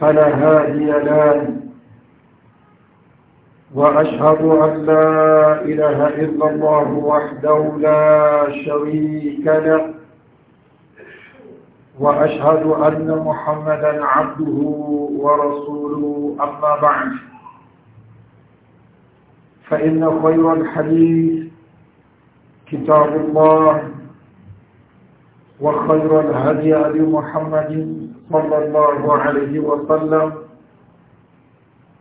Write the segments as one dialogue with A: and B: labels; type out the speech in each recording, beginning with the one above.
A: فلا هادي لان وأشهد أن لا إله إلا الله وحده لا شريك له وأشهد أن محمدا عبده ورسوله أما بعد فإن خير الحديث كتاب الله وخير الهدي لمحمد محمد صلى الله عليه وسلم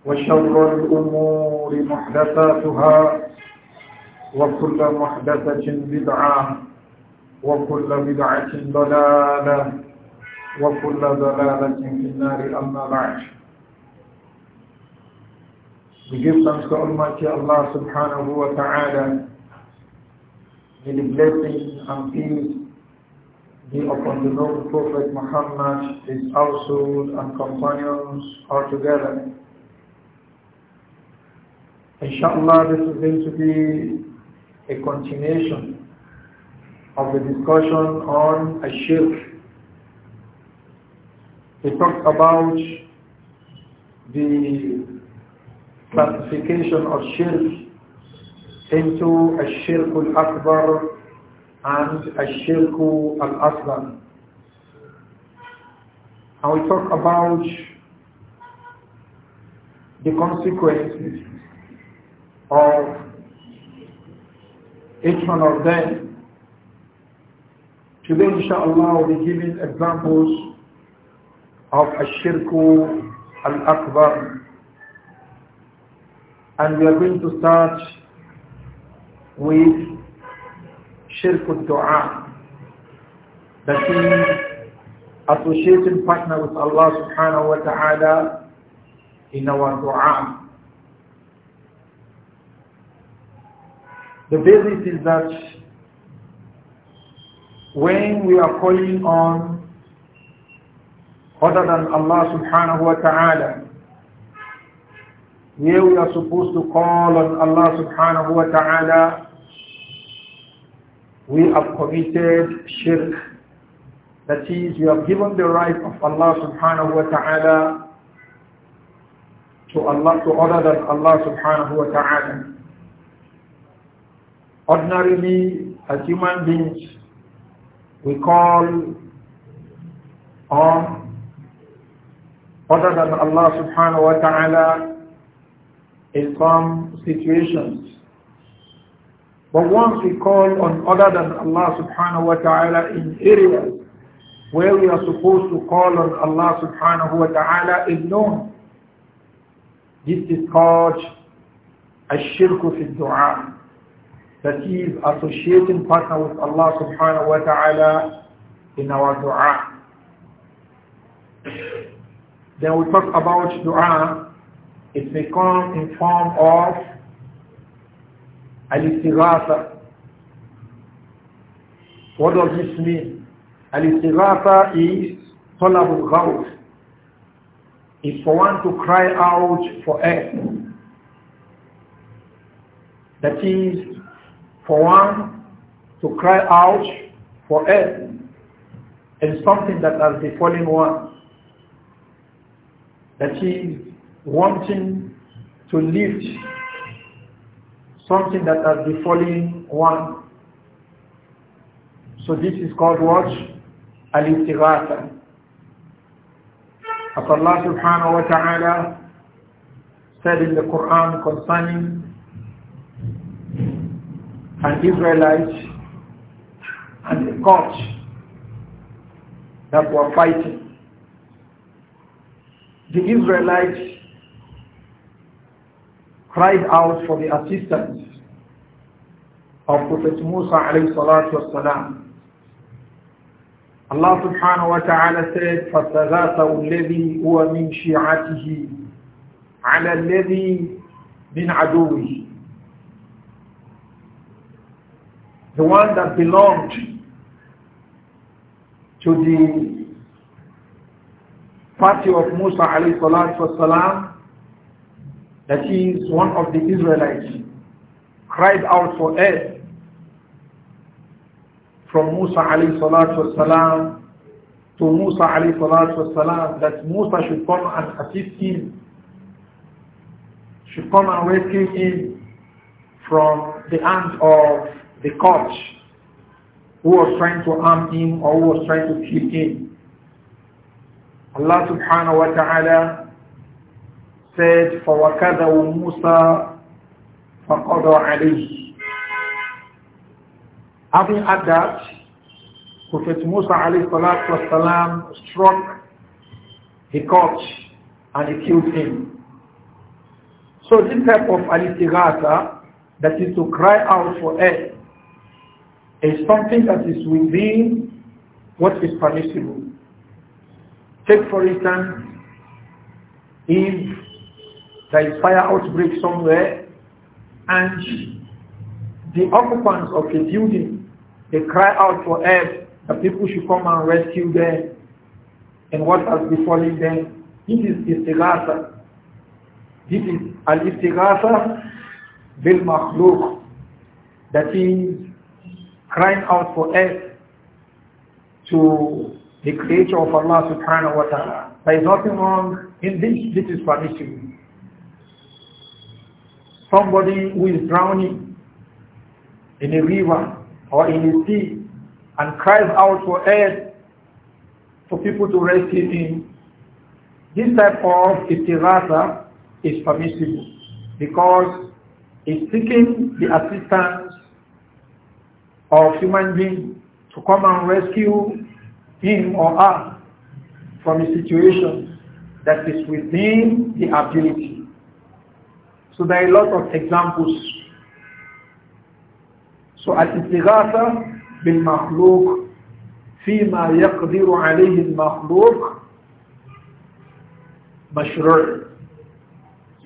A: وشر الأمور محدثاتها وكل محدثة بدعة وكل بدعة ضلالة وكل ضلالة في النار أما بعد We give thanks to Almighty Allah subhanahu wa ta'ala. blessing and peace be upon the noble Prophet Muhammad, his household and companions are together. Inshallah, this is going to be a continuation of the discussion on shirk. We talked about the classification of shirk into a shirk al-akbar and Ashirku al Aslan. I will talk about the consequences of each one of them. Today, inshallah, we'll be giving examples of Ashirku al Akbar. And we are going to start with shirk du'a. That is associating partner with Allah subhanahu wa ta'ala in our du'a. The basis is that when we are calling on other than Allah subhanahu wa ta'ala, here we are supposed to call on Allah subhanahu wa ta'ala we have committed shirk. That is, we have given the right of Allah subhanahu wa ta'ala to Allah to other than Allah subhanahu wa ta'ala. Ordinarily, as human beings, we call on other than Allah subhanahu wa ta'ala in some situations but once we call on other than Allah subhanahu wa ta'ala in areas where we are supposed to call on Allah subhanahu wa ta'ala alone, this is called ash-shirku fi du'a. That is associating partner with Allah subhanahu wa ta'ala in our dua. Then we talk about dua. It may come in form of al What does this mean? Al-Istighatha is Talabul Ghawf. Is for one to cry out for help. That is for one to cry out for help in something that has befallen one. That is wanting to lift something that has befallen one. So this is called what? Al-Istighatha. As Allah subhanahu wa ta'ala said in the Quran concerning an Israelite and the Scotch that were fighting. The Israelites cried out for the assistance of Prophet Musa alayhi salatu salam Allah subhanahu wa ta'ala said, الَّذِي هُوَ مِنْ عَلَى الَّذِي مِنْ عَدُوِهِ The one that belonged to the party of Musa alayhi salatu salam that is one of the Israelites, cried out for help from Musa alayhi salatu salam to Musa alayhi salatu salam that Musa should come and assist him, should come and rescue him from the hands of the coach who was trying to harm him or who was trying to kill him. Allah subhanahu wa ta'ala said, Musa مُوسَى فَقَضَى عَلَيْهِ Having had that, Prophet Musa alayhi salatu wasalam struck, he caught, and he killed him. So this type of alitigata, that is to cry out for help, is something that is within what is permissible. Take for instance, if there is fire outbreak somewhere and the occupants of the building, they cry out for help that people should come and rescue them and what has befallen them. This is istighatha. This is al-istighatha bil makhluk. That is crying out for help to the creator of Allah subhanahu wa ta'ala. There is nothing wrong in this. This is permissible somebody who is drowning in a river or in a sea and cries out for help for people to rescue him, this type of istirasa is permissible because it's seeking the assistance of human beings to come and rescue him or her from a situation that is within the ability so there are a lot of examples. So al-istighatha bil-makhluq yaqdiru يقدر عليه المخلوق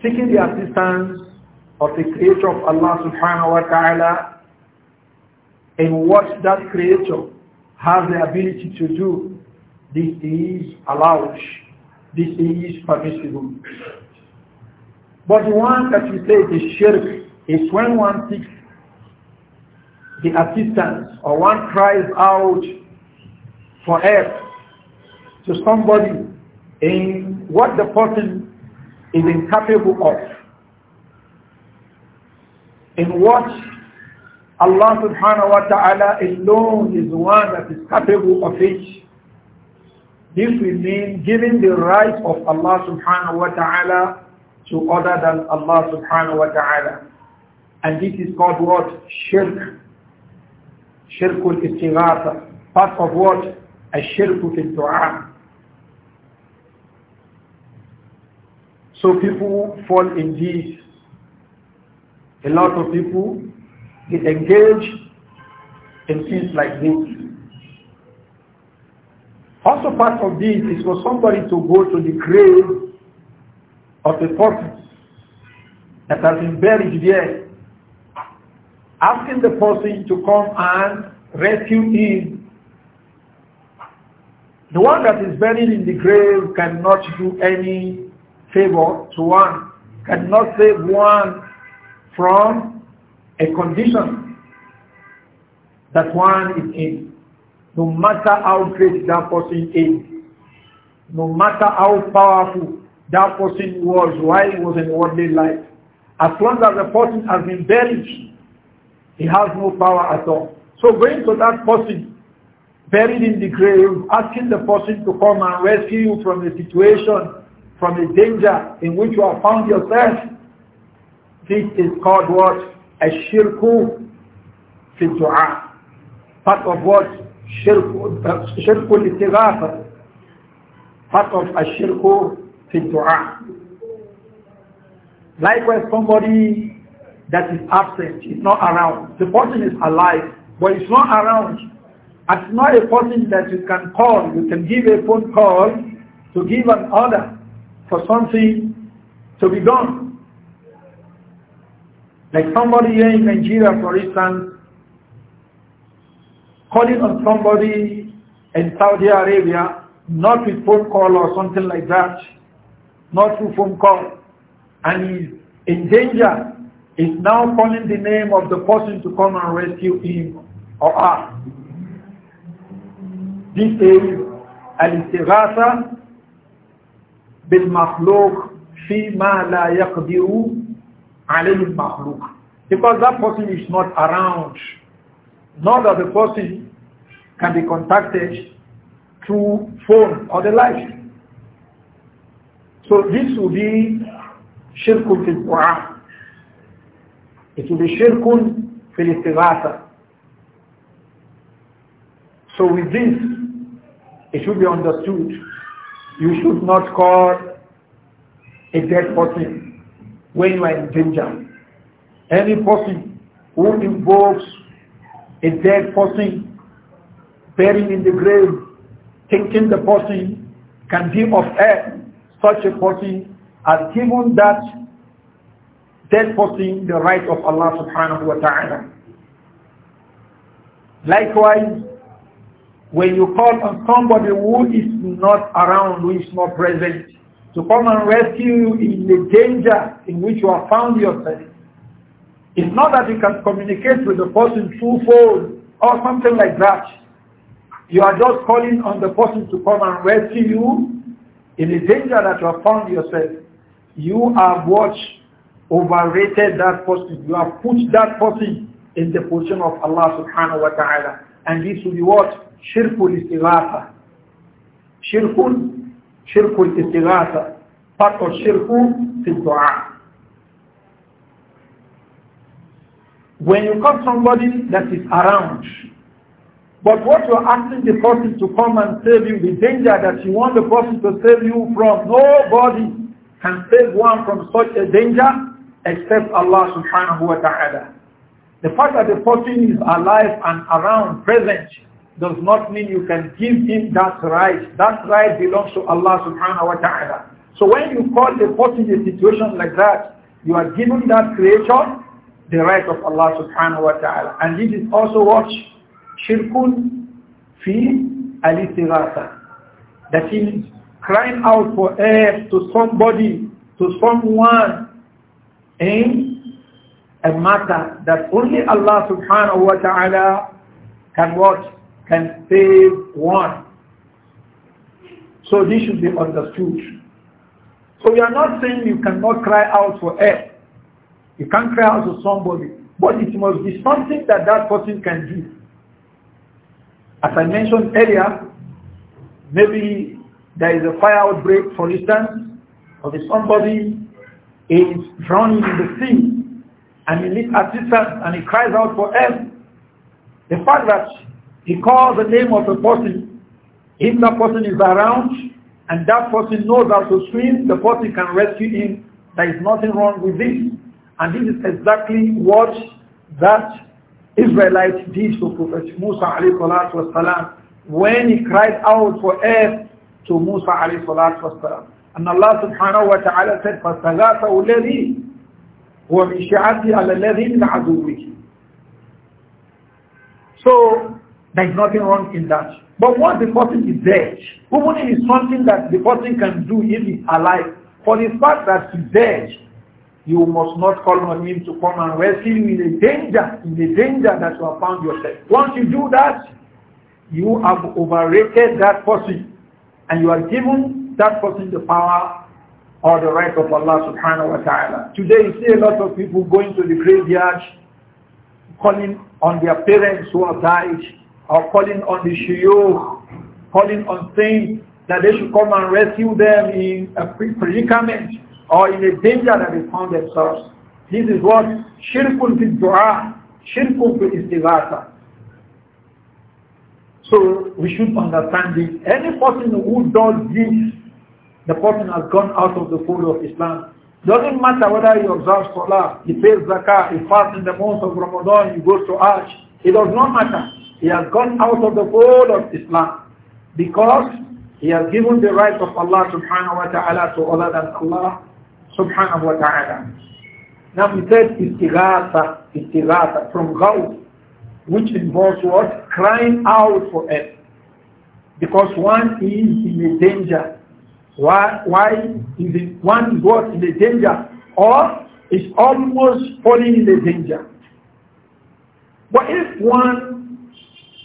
A: seeking the assistance of the creator of Allah subhanahu wa ta'ala and what that creator has the ability to do this is allowed this is permissible but the one that you say is shirk is when one seeks the assistance or one cries out for help to somebody in what the person is incapable of. In what Allah subhanahu wa ta'ala alone is one that is capable of it. This will mean giving the right of Allah subhanahu wa ta'ala to other than Allah subhanahu wa ta'ala. And this is called what? Shirk. Shirkul istighatha. Part of what? shirk fil du'a. So people fall in this. A lot of people, get engage in things like this. Also part of this is for somebody to go to the grave of the person that has been buried there, asking the person to come and rescue him. The one that is buried in the grave cannot do any favor to one, cannot save one from a condition that one is in. No matter how great that person is, no matter how powerful that person was while he was in worldly life. As long as the person has been buried, he has no power at all. So going to that person buried in the grave, asking the person to come and rescue you from the situation, from the danger in which you have found yourself, this is called what? A shirku fi dua. Part of what? Shirku, uh, shirku part of a shirku Fitu'a. Likewise, somebody that is absent is not around. The person is alive, but it's not around. It's not a person that you can call. You can give a phone call to give an order for something to be done. Like somebody here in Nigeria, for instance, calling on somebody in Saudi Arabia, not with phone call or something like that, not through phone call, and is in danger, is now calling the name of the person to come and rescue him or her. This is al-istighatha bil-makhluq fi ma la yaqdiru alayhi makhluq Because that person is not around. Not that the person can be contacted through phone or the like. So this will be shirkun fil dua. It will be shirkun fil istighatha. So with this, it should be understood. You should not call a dead person when you are in danger. Any person who involves a dead person, buried in the grave, thinking the person can be of help, such a person has given that dead person the right of Allah subhanahu wa ta'ala. Likewise, when you call on somebody who is not around, who is not present, to come and rescue you in the danger in which you have found yourself, it's not that you can communicate with the person through phone or something like that. You are just calling on the person to come and rescue you in the danger that you have found yourself, you have watched, overrated that person. You have put that person in the position of Allah subhanahu wa ta'ala. And this will be what? Shirkul istighatha. Shirkul, shirkul istighatha. Part of shirkul fi dua. When you call somebody that is around, but what you're asking the person to come and save you, the danger that you want the person to save you from, nobody can save one from such a danger except Allah subhanahu wa ta'ala. The fact that the person is alive and around, present, does not mean you can give him that right. That right belongs to Allah subhanahu wa ta'ala. So when you call a person a situation like that, you are giving that creature the right of Allah subhanahu wa ta'ala. And this is also what shirkun fi that That is crying out for help to somebody, to someone in a matter that only Allah subhanahu wa ta'ala can watch, can save one. So this should be understood. So we are not saying you cannot cry out for help. You can cry out to somebody. But it must be something that that person can do. As I mentioned earlier, maybe there is a fire outbreak, for instance, or if somebody is drowning in the sea and he needs assistance and he cries out for help, the fact that he calls the name of a person, if that person is around and that person knows how to swim, the person can rescue him. There is nothing wrong with this. And this is exactly what that Israelites did to Prophet Musa والسلام, when he cried out for help to Musa والسلام. And Allah subhanahu wa ta'ala said, فَاسْتَغَاثَهُ الَّذِي هُوَ مِنْ عَلَى الَّذِي مِنْ عَدُوِّهِ So, there's nothing wrong in that. But what the person is dead, woman is something that the person can do if he's alive. For the fact that he's dead, you must not call on him to come and rescue you in the danger, in the danger that you have found yourself. Once you do that, you have overrated that person and you are given that person the power or the right of Allah subhanahu wa ta'ala. Today you see a lot of people going to the graveyard, calling on their parents who have died, or calling on the shiur, calling on saints that they should come and rescue them in a predicament or in a danger that they found themselves. This is what shirkun fi dua, shirkun fi istighatha. So we should understand this. Any person who does this, the person has gone out of the fold of Islam. Doesn't matter whether he observes Salah, he pays Zakah, he fasts in the month of Ramadan, he goes to Hajj. It does not matter. He has gone out of the fold of Islam because he has given the right of Allah subhanahu wa ta'ala to other than Allah subhanahu wa ta'ala. Now we said istighatha, istighatha from God, which involves what? Crying out for help. Because one is in a danger. Why, why is it, one is what? In a danger. Or is almost falling in a danger. But if one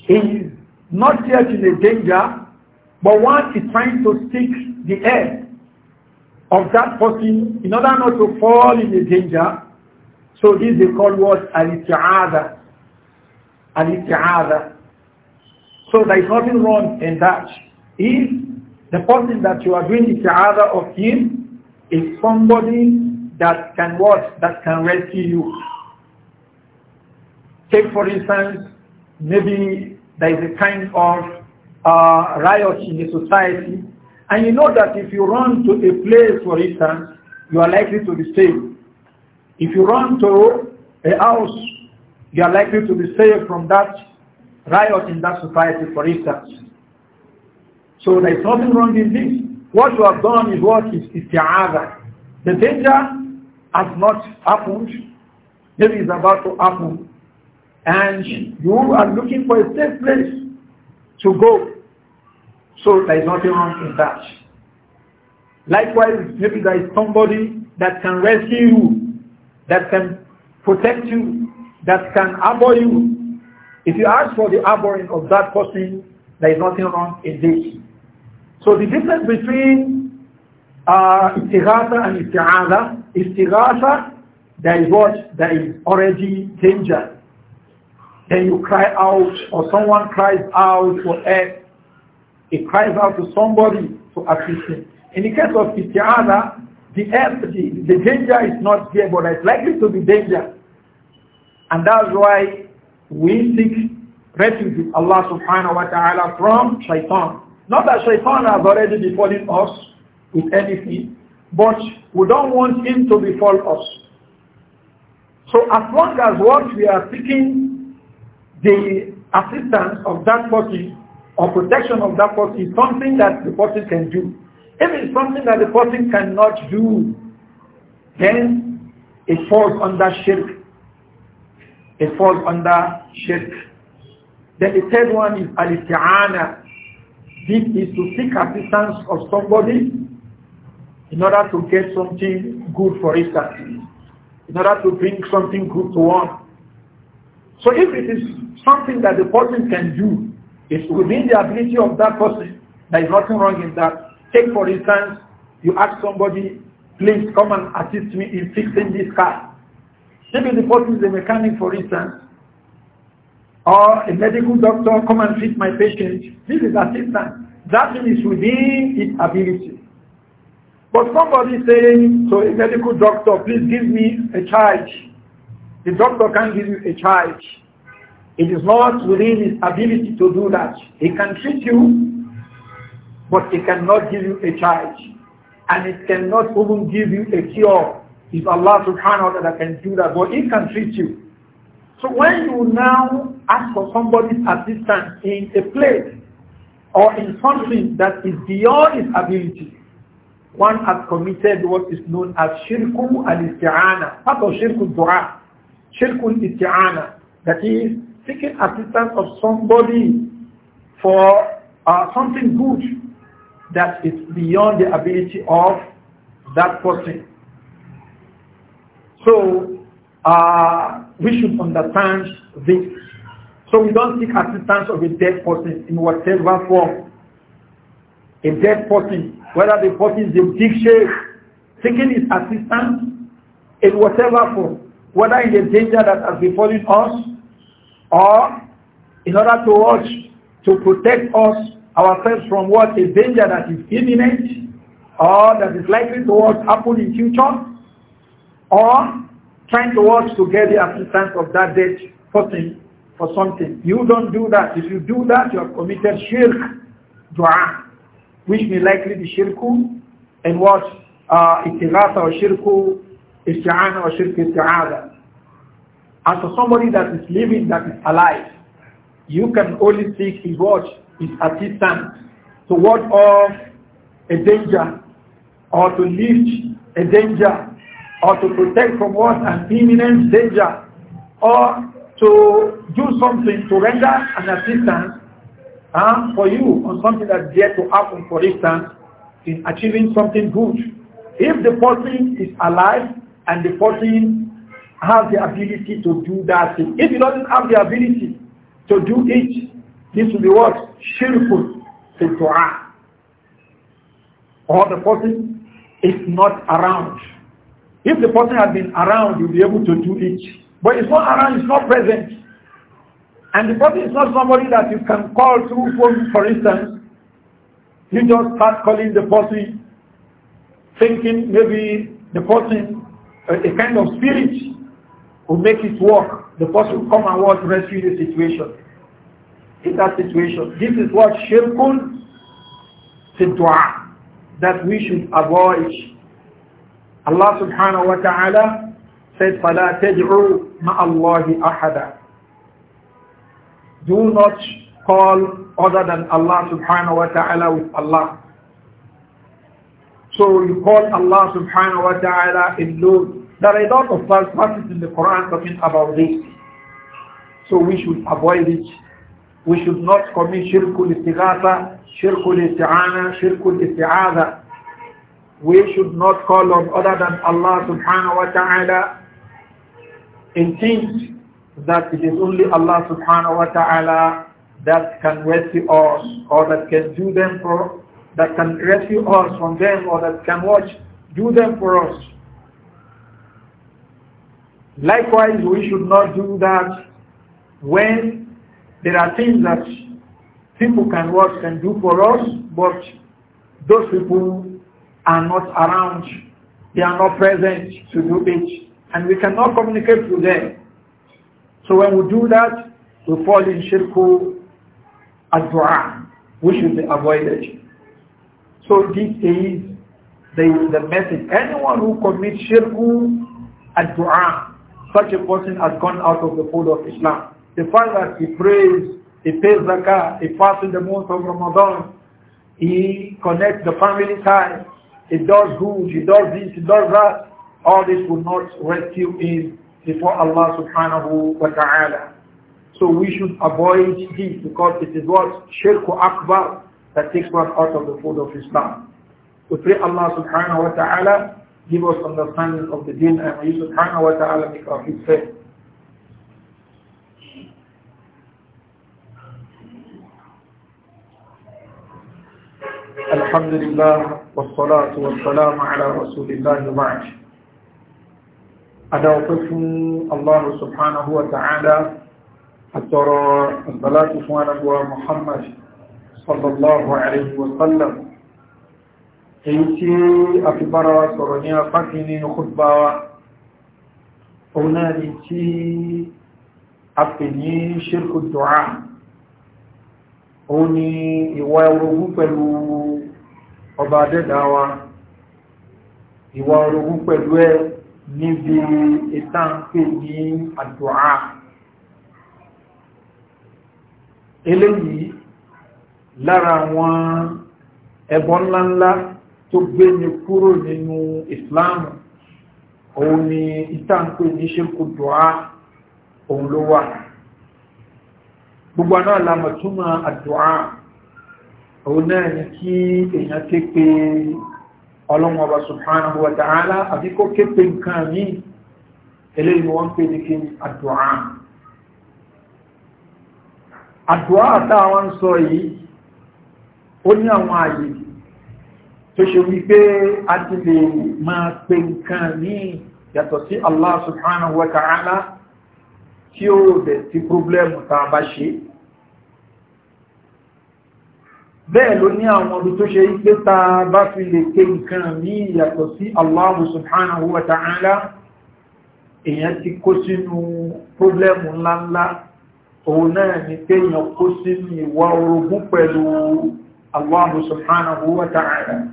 A: is not yet in a danger, but one is trying to seek the help of that person in order not to fall in the danger. So this they call what? Al-Isti'adha. al So there is nothing wrong in that. If the person that you are doing Isti'adha of him is somebody that can what? That can rescue you. Take for instance, maybe there is a kind of uh, riot in the society and you know that if you run to a place, for instance, you are likely to be saved. If you run to a house, you are likely to be saved from that riot in that society, for instance. So there is nothing wrong in this. What you have done is what is isti'adha. The danger has not happened. Maybe it's about to happen. And you are looking for a safe place to go so there is nothing wrong in that. Likewise, maybe there is somebody that can rescue you, that can protect you, that can abhor you. If you ask for the abhorring of that person, there is nothing wrong in this. So the difference between uh, istighatha and isti'adha, istighatha, there is what? There is already danger. Then you cry out or someone cries out for help he cries out to somebody to assist him. In the case of isti'ana, the, the, the danger is not here, but it's likely to be danger. And that's why we seek refuge with Allah subhanahu wa ta'ala from shaitan. Not that shaitan has already befallen us with anything, but we don't want him to befall us. So as long as what we are seeking the assistance of that person or protection of that person is something that the person can do. If it's something that the person cannot do, then it falls under shirk. It falls under shirk. Then the third one is alitiana. This is to seek assistance of somebody in order to get something good for instance, in order to bring something good to one. So if it is something that the person can do, It's within the ability of that person. There is nothing wrong in that. Take for instance, you ask somebody, please come and assist me in fixing this car. Maybe the person is a mechanic for instance, or a medical doctor, come and treat my patient. This is assistance. That thing is within its ability. But somebody saying to a medical doctor, please give me a charge. The doctor can't give you a charge. It is not within his ability to do that. He can treat you, but he cannot give you a charge. And it cannot even give you a cure. If Allah subhanahu wa ta'ala can do that, but he can treat you. So when you now ask for somebody's assistance in a place or in something that is beyond his ability, one has committed what is known as shirku al-isti'ana, part of shirku dua, shirku al-isti'ana, that is seeking assistance of somebody for uh, something good that is beyond the ability of that person. So uh, we should understand this. So we don't seek assistance of a dead person in whatever form. A dead person, whether the person is in big shape, seeking his assistance in whatever form, whether in the danger that has befallen us, or in order to watch, to protect us ourselves from what is danger that is imminent or that is likely to what happen in future or trying to watch to get the assistance of that dead person for something. You don't do that. If you do that, you have committed shirk, dua, which may likely be shirku and what uh, or shirku, isti'ana or shirk isti'ada. As for somebody that is living, that is alive, you can only seek his watch, his assistance to ward off a danger or to lift a danger or to protect from what an imminent danger or to do something to render an assistance uh, for you on something that's yet to happen, for instance, in achieving something good. If the person is alive and the person have the ability to do that thing. If he doesn't have the ability to do it, this will be what? Shirkun to Torah. Or the person is not around. If the person had been around, he be able to do it. But it's not around, it's not present. And the person is not somebody that you can call through phone, for instance. You just start calling the person, thinking maybe the person, a, uh, a kind of spirit will make it work. The person will come and what rescue the situation. In that situation, this is what shirkun dua that we should avoid. Allah subhanahu wa ta'ala said, فَلَا تَدْعُوا مَعَ اللَّهِ أَحَدًا Do not call other than Allah subhanahu wa ta'ala with Allah. So you call Allah subhanahu wa ta'ala in alone there are a lot of verses in the Quran talking about this. So we should avoid it. We should not commit shirkul istighatha, shirkul isti'ana, shirkul isti'adha. We should not call on other than Allah subhanahu wa ta'ala in things that it is only Allah subhanahu wa ta'ala that can rescue us or that can do them for that can rescue us from them or that can watch do them for us Likewise, we should not do that when there are things that people can work and do for us, but those people are not around. They are not present to do it. And we cannot communicate to them. So when we do that, we fall in shirku ad-du'a, which should be avoided. So this is the, the message. Anyone who commits shirku ad-du'a, such a person has gone out of the fold of Islam. The fact that he prays, he pays zakah, he fasts in the month of Ramadan, he connects the family ties, he does good, he does this, he does that, all this will not rescue him before Allah subhanahu wa ta'ala. So we should avoid this because it is what Shirku Akbar that takes one out of the fold of Islam. We pray Allah subhanahu wa ta'ala give us understanding of the deen and may you subhanahu wa ta'ala make our feet safe. الحمد لله والصلاة والسلام على رسول الله وبعد أدعوكم الله سبحانه وتعالى أترى الصلاة فوانا محمد صلى الله عليه وسلم èyí tí a fi bára wa sọ̀rọ̀ ní apákin nínú kúrùbá wa òun náà ni tí a pè ní ṣírkù dùá òun ni ìwà orogún pẹ̀lú ọba adẹ́dà wa ìwà orogún pẹ̀lú ẹ níbi ìtànpè ní àdùá eléyìí lára àwọn ẹbọ ńláńlá tó gbé mi kúrò nínú Islam, òun ni ìtànkù ní ṣekú dùá òun ló wà gbogbo náà lámọ̀túnmọ̀ àdùá òun náà ni kí èèyàn ké pe ọlọ́wọ́n ọba subhanahu wa ta'ala àbí kó ké pe nǹkan mi eléyìí wọ́n pè ní kí àdùá àdùá àtàwọn sọ yìí ó ní àwọn àyè tó ṣe wípé a ti lè máa pe nǹkan ní yàtọ̀ sí Allah subhanahu wa ta'ala tí ó dẹ̀ ti pọ́blẹ́mù tá a bá ṣe bẹ́ẹ̀ ló ní àwọn ọdún tó ṣe ipé ta bá fi lè ké nǹkan ní yàtọ̀ sí Allah subhanahu wa ta'ala èyàn ti kó sínú pọ́blẹ́mù ńláńlá òun náà ni téèyàn kó sínú ìwà orogún pẹ̀lú Allah subhanahu wa ta'ala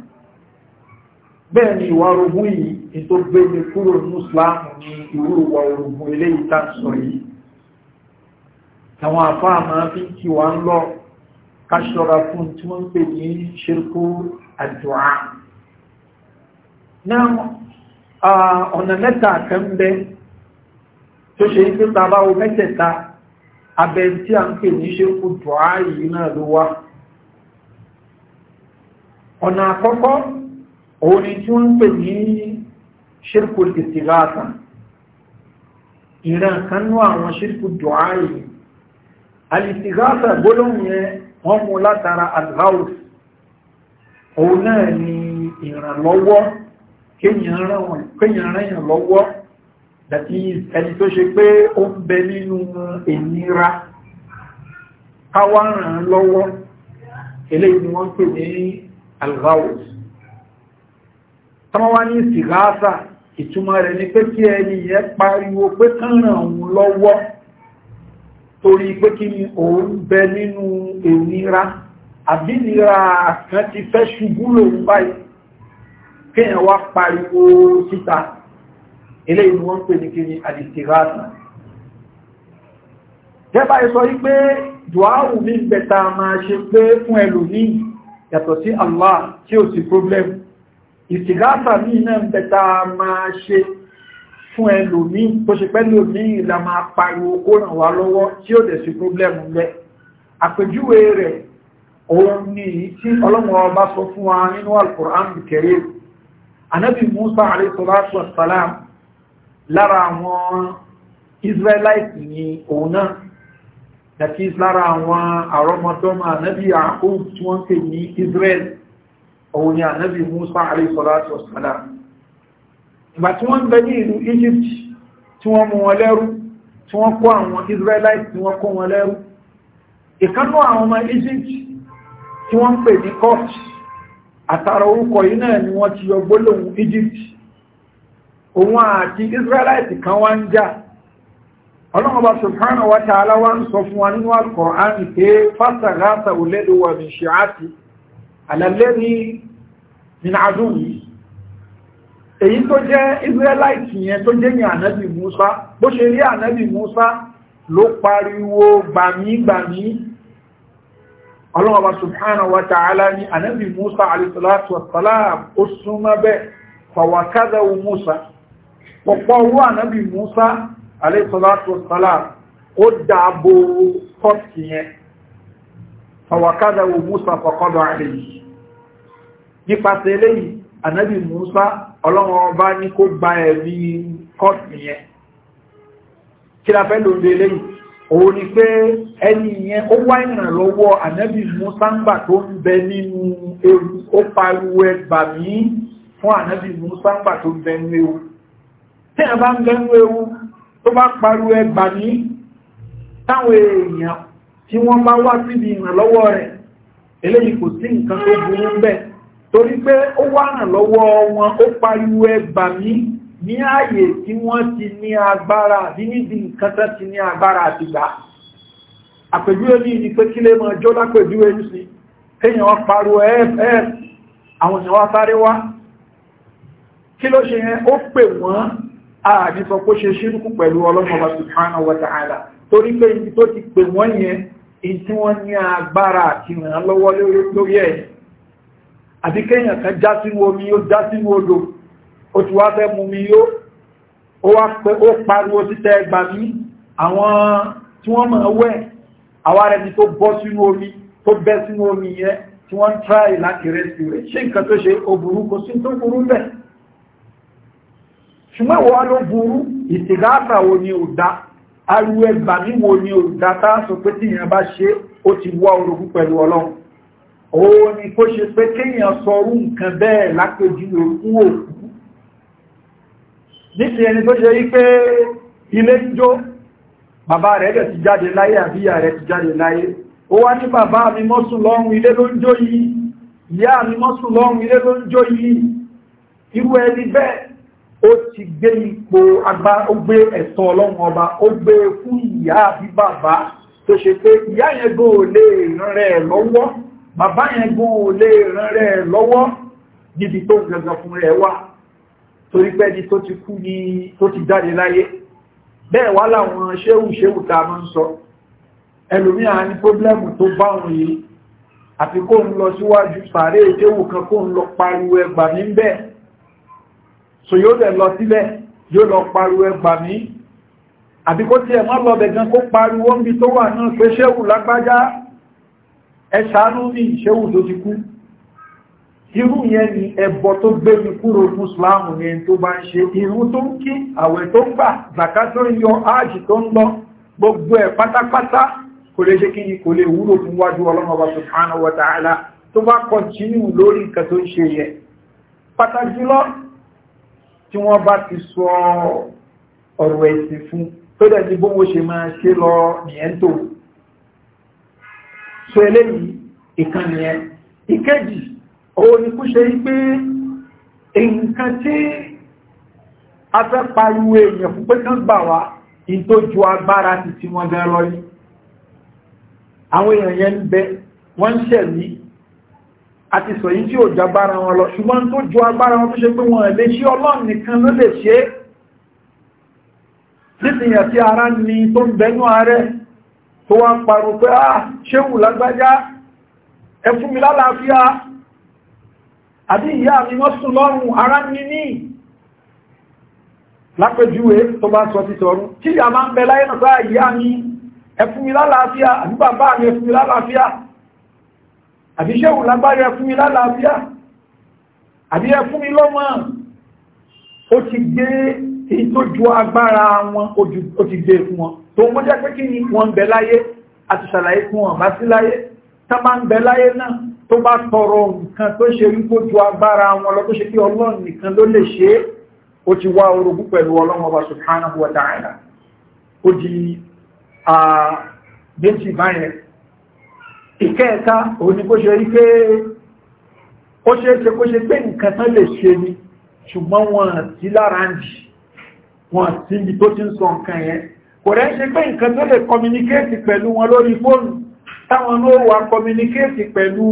A: bẹ́ẹ̀ ni ìwà orogún yìí ètò gbé ní kúrò ní islamu ní ìwúrò wa orogún eléyìí tá sọ yìí àwọn àfáà máa fi kí wà ń lọ káṣọra fún tí wọ́n ń pè ní ṣirkú àdúrà náà ọ̀nà mẹ́ta kan tó ṣe ń pípa bá o mẹ́tẹ̀ta abẹ tí a ń pè ní ṣirkú dùá yìí náà ló wá ọ̀nà àkọ́kọ́ òun ni tí wọ́n ń pè ní ṣírkù ìsìláàtà ìran kanú àwọn ṣírkù dùáyì alìsìláàtà gbólóhùn yẹn wọ́n mú látara alhaus òun náà ni ìrànlọ́wọ́ kéèyàn rányàn lọ́wọ́ dàtí ẹni tó ṣe pé ó ń bẹ nínú ìnira káwá ràn wọ́n pè ní alhaus tán wá ní sìgáásà ìtumọ̀ rẹ̀ ni pé kí ẹni yẹn pariwo pé kánràn òun lọ́wọ́ torí pé kí ni òun bẹ nínú ìnira àbínira kan ti fẹ́ ṣubú lòun báyìí kéèyàn wá pariwo síta eléyìí ni wọ́n ń pè ní kí ni àdìsìgáásà jẹba ìsọ wípé dùáwù ní bẹ̀ta máa ṣe pé fún ẹlòmíì yàtọ̀ sí Allah tí ó sì problem ìsìgáàtà ní iná ń bẹta máa ṣe fún ẹlòmí tó ṣe pẹ́ lòmí ìlà máa pariwo kó ràn wá lọ́wọ́ tí ó dẹ̀ sí pọ́blẹ́mù lẹ́ àpèjúwe rẹ̀ òun ni tí ọlọ́mọ ọba sọ fún wa nínú ni òun náà that is lára àwọn àrọmọdọ́mọ anábì israel òun ni ànábì Musa alayhi salatu wassalam ìgbà tí wọ́n ń bẹ ní ìlú Egypt tí wọ́n mú wọn lẹ́rú tí wọ́n kó àwọn Israelites tí wọ́n kó wọn lẹ́rú ìkánú àwọn ọmọ Egypt tí wọ́n ń pè ní court àtàrà orúkọ yìí náà ni wọ́n ti yọ gbólóhùn Egypt òun àti Israelites kan wá ń jà ọlọ́mọba subhanahu wa ta'ala wá ń sọ fún wa nínú Al-Qur'an pé fásitì àgáta òlẹ́dọ̀wà mi ṣe àti على الذي من عدوه èyí tó jẹ́ israelite yẹn tó jẹ́ ní ànábì musa bó ṣe rí ànábì musa ló pariwo gbàmígbàmí ọlọ́wọ́ subhanahu wa ta'ala ni ànábì musa alìsàlátù wasalam ó súnmọ́ bẹ́ fàwàkádàwò musa pọ̀pọ̀ owó ànábì musa alìsàlátù wasalam ó dàbò kọ́ọ̀tì fàwàkádà wo musa fọkọ́dọ̀ àlè yìí nípasẹ̀ eléyìí ànábì musa ọlọ́run ọba ní kó gba ẹ̀mí kọ́ọ̀tù yẹn kí la fẹ́ ló ń de eléyìí òun ni pé ẹni yẹn ó wá ìrànlọ́wọ́ ànábì musa ń gbà tó ń bẹ nínú ewu ó pariwo ẹgbà mí fún ànábì musa ń gbà tó ń bẹ nínú ewu tí a bá ń bẹ nínú ewu tó bá pariwo ẹgbà mí táwọn èèyàn tí wọ́n bá wá síbi ìrànlọ́wọ́ rẹ̀ eléyìí kò sí nǹkan tó burú bẹ́ẹ̀ torí pé ó wá ìrànlọ́wọ́ wọn ó pariwo ẹgbà mí ní ààyè tí wọ́n ti ní agbára àbí níbi nǹkan tán ti ní agbára àti gbà àpèjúwe ní ìdí pé kílé mọ ọjọ́ lápèjúwe ní sí kéèyàn wọ́n pariwo ẹ́ẹ̀ẹ́ẹ̀ àwọn èèyàn wá sáré wá kí ló ṣe yẹn ó pè wọ́n ààbí pé ṣe ṣírúkú pẹ̀lú ọlọ́mọba subhanahu wa ta'ala torí pé ibi tó ti pè wọ́n yẹn in tí wọ́n ní agbára àti ìrìnà lọ́wọ́ lórí ẹ̀ àti kéèyàn kan já sínú omi yóò já sínú odò ó ti wá fẹ́ mú mi yóò ó pariwo títẹ́ ẹgbà mí àwọn tí wọ́n mọ̀ wẹ́ àwá rẹ̀ ni tó bọ́ sínú omi tó bẹ́ sínú omi yẹn tí wọ́n tráì láti rẹ́sì rẹ̀ ṣe nǹkan tó ṣe ó burú kò sí tó burú bẹ̀ ṣùgbọ́n wọ́n ló burú ìtìgáàtà wo ni ò dáa ariwo ẹgbà mí wo ni olùdátá sọ pé tí èèyàn bá ṣe ó ti wá orogún pẹ̀lú ọlọ́run òun ni kó ṣe pé kéèyàn sọrú nǹkan bẹ́ẹ̀ lápèjú òkun òkú nítorí ẹni tó ṣe rí pé ilé ń jó bàbá rẹ̀ rẹ̀ ti jáde láyé àbíyà rẹ̀ ti jáde láyé ó wá ní bàbá mi mọ́sùn lọ́rùn ilé ló ń jó yìí ìyá mi mọ́sùn lọ́rùn ilé ló ń jó yìí irú ẹni bẹ́ẹ̀ ó ti gbé ipò agbá ó gbé ẹ̀tọ́ ọlọ́run ọba ó gbé e fún ìyá àbí bàbá tó ṣe pé ìyá yẹn gan ò lè ràn rẹ̀ lọ́wọ́ bàbá yẹn gan ò lè ràn rẹ̀ lọ́wọ́ níbi tó gangan fún rẹ̀ wà torí pé ẹni tó ti kú ni tó ti jáde láyé bẹ́ẹ̀ wá láwọn ṣéhù ṣéhù tá a máa ń sọ ẹlòmíà ní pọ́blẹ́mù tó bá òun yìí àfi kó ń lọ síwájú sàárè ṣéhù kan kó ń lọ pariwo ẹgbà ní bẹ́ẹ̀ so yóò dẹ̀ lọ sílẹ̀ yóò lọ pariwo ẹgbà mí àbí kó tí ẹ má lọ bẹ̀gan kó pariwo ń bi tó wà náà pé ṣéwù lágbájá ẹ ṣàánú ní ìṣéwù tó ti kú irú yẹn ni ẹbọ tó gbé mi kúrò fún islamu yẹn tó bá ń ṣe irú tó ń kí àwẹ̀ tó ń gbà zàká tó ń yọ áàjì tó ń lọ gbogbo ẹ̀ pátápátá kò lè ṣe kí ni kò lè wúlò fún wájú ọlọ́mọba subhanahu wa ta'ala tó bá kọ̀ntínú lórí nǹkan tó ń ṣe yẹn pàtàkì jùlọ tí wọ́n bá ti sọ ọ̀rọ̀ ẹ̀sìn fún tó dẹ̀ ní bówó ṣe máa ṣe lọ nìyẹn tó so eléyìí ìkan nìyẹn ìkejì owó ni kú ṣe pé nǹkan tí a fẹ́ pariwo èèyàn fún pé kán gbà wá in ju agbára ti tí wọ́n gan lọ yìí àwọn èèyàn yẹn ń bẹ wọ́n ń ṣẹ̀mí àti sọ yí tí ò jagbára wọn lọ ṣùgbọ́n tó ju agbára wọn tó ṣe pé wọn lè ṣe ọlọ́run nìkan ló lè ṣe nítìyàn tí ara ni tó ń bẹnú ààrẹ tó wá parò pé ah ṣéwù lágbájá ẹfúnmi lálàáfíà àbí ìyá mi wọ́n sùn lọ́rùn ara ní ní lápẹjúwe tó bá sọ ti tọrún tí ìyá máa ń bẹ láyé náà sáà ah, ìyá mi ẹfúnmi lálàáfíà àbí bàbá mi ẹfúnmi lálàáfíà àbí ṣẹ́wù lágbára fún mi lálàáfíà àbí ẹ fún mi lọ́mọ ó ti gbé èyí tó ju agbára wọn ó ti gbé fún wọn tó mọ́ jẹ́ pé kí ni wọ́n bẹ láyé àti ṣàlàyé fún wọn bá sí láyé tá bá ń bẹ láyé náà tó bá tọrọ nǹkan tó ṣe wípó ju agbára wọn lọ tó ṣe kí ọlọ́run nìkan ló lè ṣe é ó ti wá orogún pẹ̀lú ọlọ́run ọba subhanahu wa ta'ala ó di bẹ́ntì ah, báyẹn ìkẹ́ẹ̀ká òun ni kó ṣe rí pé ó ṣe é ṣe kó ṣe pé nǹkan tán lè ṣe ni ṣùgbọ́n wọn sí lára ń jì wọn sí ibi tó ti ń sọ nǹkan yẹn kò rẹ̀ ṣe pé nǹkan tó lè kọmíníkéètì pẹ̀lú wọn lórí fóònù táwọn ló wà kọmíníkéètì pẹ̀lú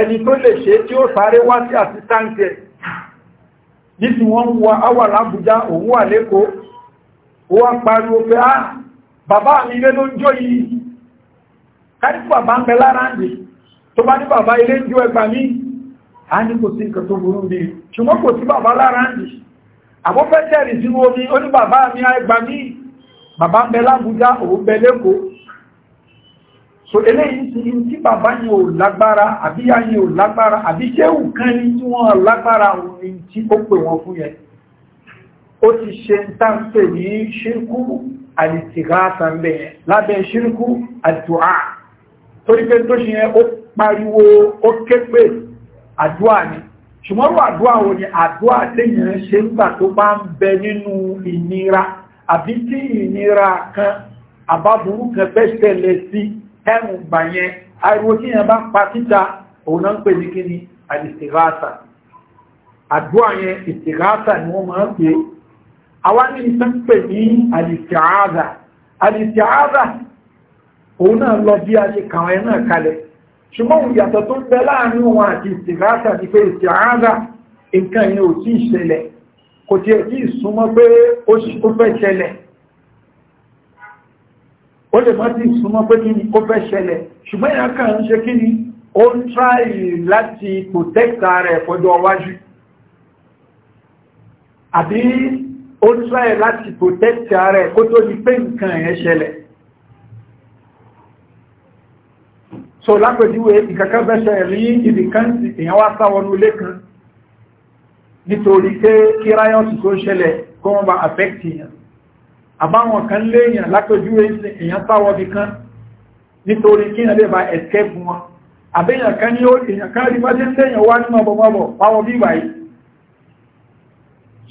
A: ẹni tó lè ṣe tí ó sáré wá sí àsítáǹtẹ̀ nítorí wọ́n wà áwà lábújá òun wà lẹ́kọ̀ọ́ ó pariwo pé ah bàbá mi lé ló ń jó yìí káríkù bàbá ń bẹ lára ń dì tó bá ní bàbá ilé ń jú ẹgbà mí a ní kò sí nǹkan tó burú bí ṣùgbọ́n kò sí bàbá lára ń dì àbọ́fẹ́ tẹ̀rì sínú omi ó ní bàbá mi ẹgbà mí bàbá ń bẹ lábújá òun bẹ lẹ́kọ̀ọ́ so eléyìí ti ń tí bàbá yìí ò lágbára àbí ya yìí ò lágbára àbí ṣéwù kan ní tí wọ́n lágbára òun tí ó pè wọn fún yẹn ó ti ṣe ń tàǹpẹ̀ ní ṣírkú àdìtìgáàtà ń bẹ̀ lábẹ́ ṣírkú àdìtìgáà torí pé tó ṣe yẹn ó pariwo ó képe àdúà ni ṣùgbọ́n wà àdúà wo ni àdúà téèyàn ṣe ń gbà tó bá ń bẹ nínú ìnira àbí tí ìnira kan àbábúrú kan fẹ́ ṣẹlẹ̀ sí ẹ̀rùn gbà yẹn ariwo tí yẹn bá pa síta òun náà ń pè ní kíni àdìsíráàtà àdúà yẹn ìsíráàtà ni wọ́n máa ń pè àwọn ní ìsàn pè ní àdìsíráàtà àdìsíráàtà òun náà lọ bí a ṣe kàwọn ẹ̀ náà kalẹ̀ ṣùgbọ́n òun yàtọ̀ tó ń bẹ láàrin òun àti ìsìnkáṣà ti pé ìsìnkáṣà nǹkan yẹn ò tí ì ṣẹlẹ̀ kò tí ẹ̀ tí ì súnmọ́ pé ó fẹ́ ṣẹlẹ̀ ó lè má tí ì súnmọ́ pé kí ni ó fẹ́ ṣẹlẹ̀ ṣùgbọ́n ìyá kan ń ṣe kí ni ó ń tráì láti protect rẹ̀ fọjọ́ iwájú àbí ó ń tráì láti protect rẹ̀ kó tó di pé nǹkan yẹn ṣẹlẹ̀ so lápẹjúwe ìkẹ́kẹ́ bẹ́ṣẹ̀ rí ibìkan èyàn wá sáwọn olé kan nítorí pé kí ráyọ́sì tó ṣẹlẹ̀ kó wọ́n bá affect èyàn àbáwọn kan léèyàn lápẹjúwe èyàn sáwọn ibìkan nítorí kí èyàn lè bá escape wọn àbẹ́yàn kan ní ó èyàn kan rí wájé léèyàn wá nínú ọbọ̀bọ̀bọ̀ pàwọ̀ bí wáyé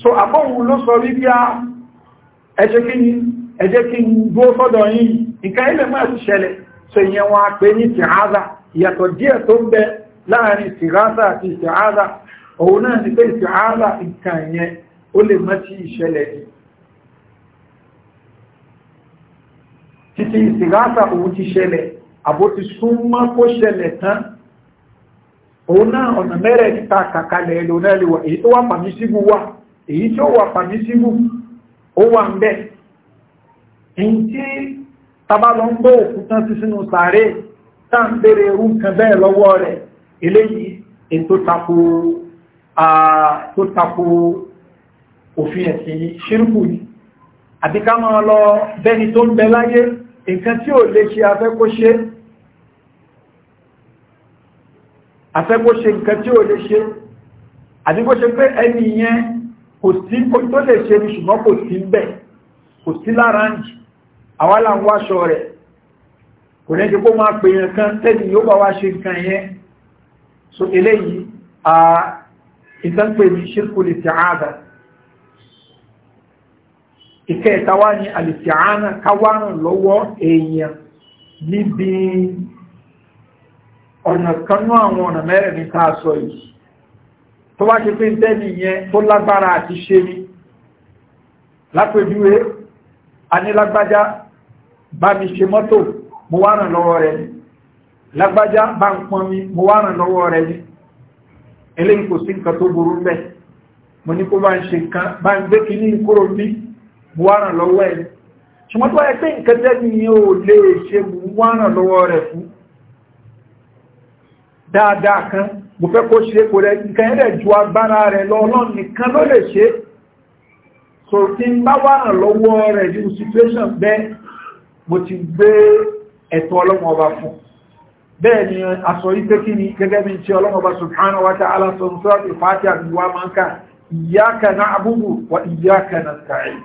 A: so àbọ̀hùn ló sọ rí bí a ẹjẹ́ kí ń gbó sọ́dọ̀ yìí nǹkan ilẹ̀ máa ti ṣẹlẹ̀ so ìyẹn wọn a pè ní ìsìnàza ìyàtọ̀ díẹ̀ tó ń bẹ láàrin ìsìnàza àti ìsìnàza òun náà ni pé ìsìnàza nǹkan ìyẹn ó lè mọ́ sí ìṣẹ̀lẹ̀ yìí títí ìsìnàza òun ti ṣẹlẹ̀ àbó ti súnmọ́ kó ṣẹlẹ̀ tán òun náà ọ̀nà mẹ́rẹ̀ níta kàkalẹ̀ ẹ̀lò náà lè wà èyí tó wà pàmísíbù wà èyí tó wà pàmísíbù ó wà ń bẹ́ẹ̀ tàbá lọ ń gbọ́ òkúta sí sínú sàárè tá ń bèèrè irú nǹkan bẹ́ẹ̀ lọ́wọ́ rẹ̀ eléyìí ètò tako òfin ẹ̀sìn yìí ṣírùkù yìí àti ká máa lọ bẹ́ni tó ń bẹ láyé nǹkan tí ò lè ṣe afẹ́kóṣe afẹ́kóṣe nǹkan tí ò lè ṣe àti pé ẹni yẹn kò sí tó lè ṣe ní ṣùgbọ́n kò sí ń bẹ̀ kò sí lára ń jì àwálà ń wáṣọ rẹ̀ kò ní kí kó máa pè yàn kan tẹ́lì yóò bá wá ṣe nǹkan yẹn so eléyìí a ìtànpè ní ṣírkù lè ti àádà ìkẹ́ ìtawá ní àlìsíàánà káwárùn lọ́wọ́ èèyàn níbi ọ̀nà kanú àwọn ọ̀nà mẹ́rin ní ká sọ yìí tó bá ṣe pé tẹ́lì yẹn tó lágbára àti ṣe ni lápèjúwe anílágbájá bá mi ṣe mọ́tò mo wá ràn lọ́wọ́ rẹ̀ ni lágbájá bá ń pọn mi mo wá ràn lọ́wọ́ rẹ̀ ni eléyìí kò sí nǹkan tó burú bẹ́ẹ̀ mo ní kó bá ń ṣe nǹkan bá ń gbé kínní kúrò bí mo wá ràn lọ́wọ́ ẹ̀ ṣùgbọ́n tó wáyé pé nǹkan tẹ́ni ni ó lè ṣe mo wá ràn lọ́wọ́ rẹ̀ fún dáadáa kan mo fẹ́ kó ṣe kò rẹ̀ nǹkan ẹ̀rẹ̀ ju agbára rẹ̀ lọ ọlọ́run nìkan ló lè ṣe so tí ń bá wá ràn lọ́wọ́ rẹ̀ ju situation bẹ́ẹ̀ mo ti gbé ẹ̀tọ́ ọlọ́run ọba fún bẹ́ẹ̀ ni aṣọ ipé kí ni gẹ́gẹ́ bí tí ọlọ́run ọba subhanahu wa ta'ala sọ ní wa iyyaka nasta'in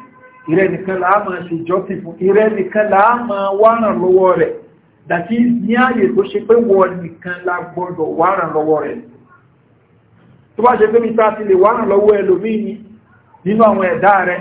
A: ìrẹ́ nìkan láà máa ṣe jọ́sì fún ìrẹ́ nìkan láà máa wárán lọ́wọ́ rẹ̀ dàtí ní ààyè tó ṣe pé wọ́n nìkan la gbọ́dọ̀ nínú àwọn ẹ̀dá rẹ̀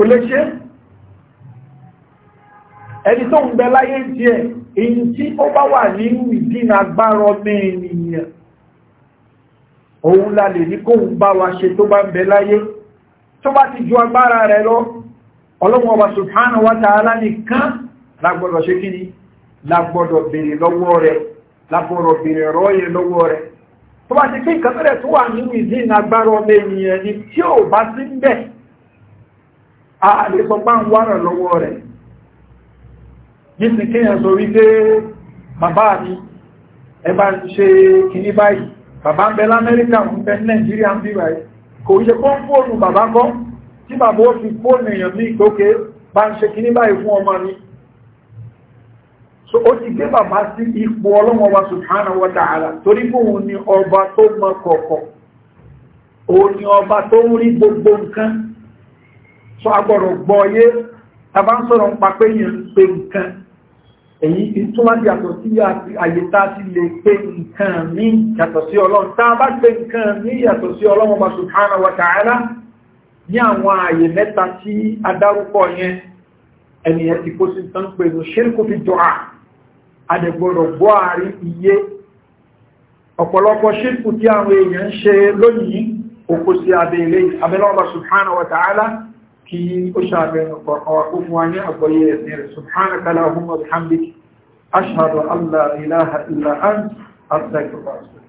A: kò lè ṣe ẹni tó ń bẹ láyé díẹ̀ èyí tí ó bá wà nínú ìdínà agbára ọmọ ènìyàn òun la ní kó ń bá wa ṣe tó bá ń bẹ láyé tó bá ti ju agbára rẹ lọ ọlọ́wọ́ ọba subhanahu nìkan lágbọ́dọ̀ ṣe kí ni lágbọ́dọ̀ bèèrè lọ́wọ́ lágbọ́dọ̀ bèèrè rọ́yẹ lọ́wọ́ rẹ tó bá ti ìkàtọ́rẹ̀ tó wà nínú ìdínà agbára ọmọ ènìyàn ni tí ò bá sí àlè sọ pá ń wárà lọ́wọ́ rẹ̀ yìí kíyàn sọ wípé bàbá mi ẹbá ń ṣe kìí báyìí bàbá ń bẹ lamẹ́ríkà ń bẹ nàìjíríà ń bí báyìí kò ṣe kó ń fóònù bàbá kọ́ tí bàbá ó fi fóònù èèyàn ní ìgbókè bá ń ṣe kìí báyìí fún ọmọ mi so ó ti gbé bàbá sí ipò ọlọ́wọ́ wa sùhánà wa tààrà torí bóun ni ọba tó mọ kọ̀ọ̀kọ̀ òun ni ọba tó ń rí gbogbo nǹkan so agbọ́dọ̀ gbọ́yé tàbá ń sọ̀rọ̀ ń pa pé yìí ń pe nǹkan èyí tó wá yàtọ̀ sí àyè tá ti lè pe nǹkan ní yàtọ̀ sí ọlọ́run tá a bá pe nǹkan ní yàtọ̀ sí ọlọ́run ọba subhanahu wa ta'ala ní àwọn àyè mẹ́ta tí a dárúkọ yẹn ẹnìyàn ti kó sí tán pé ní ṣírkù fi dùn à àdẹ̀gbọ̀rọ̀ gbọ́ àárín iye ọ̀pọ̀lọpọ̀ ṣírkù tí àwọn èèyàn ń ṣe lónìí òkú sí abẹ́lẹ́ abẹ́lẹ́ ọba subhanahu wa ta'ala سبحانك اللهم وبحمدك أشهد أن لا إله إلا أنت أرسلك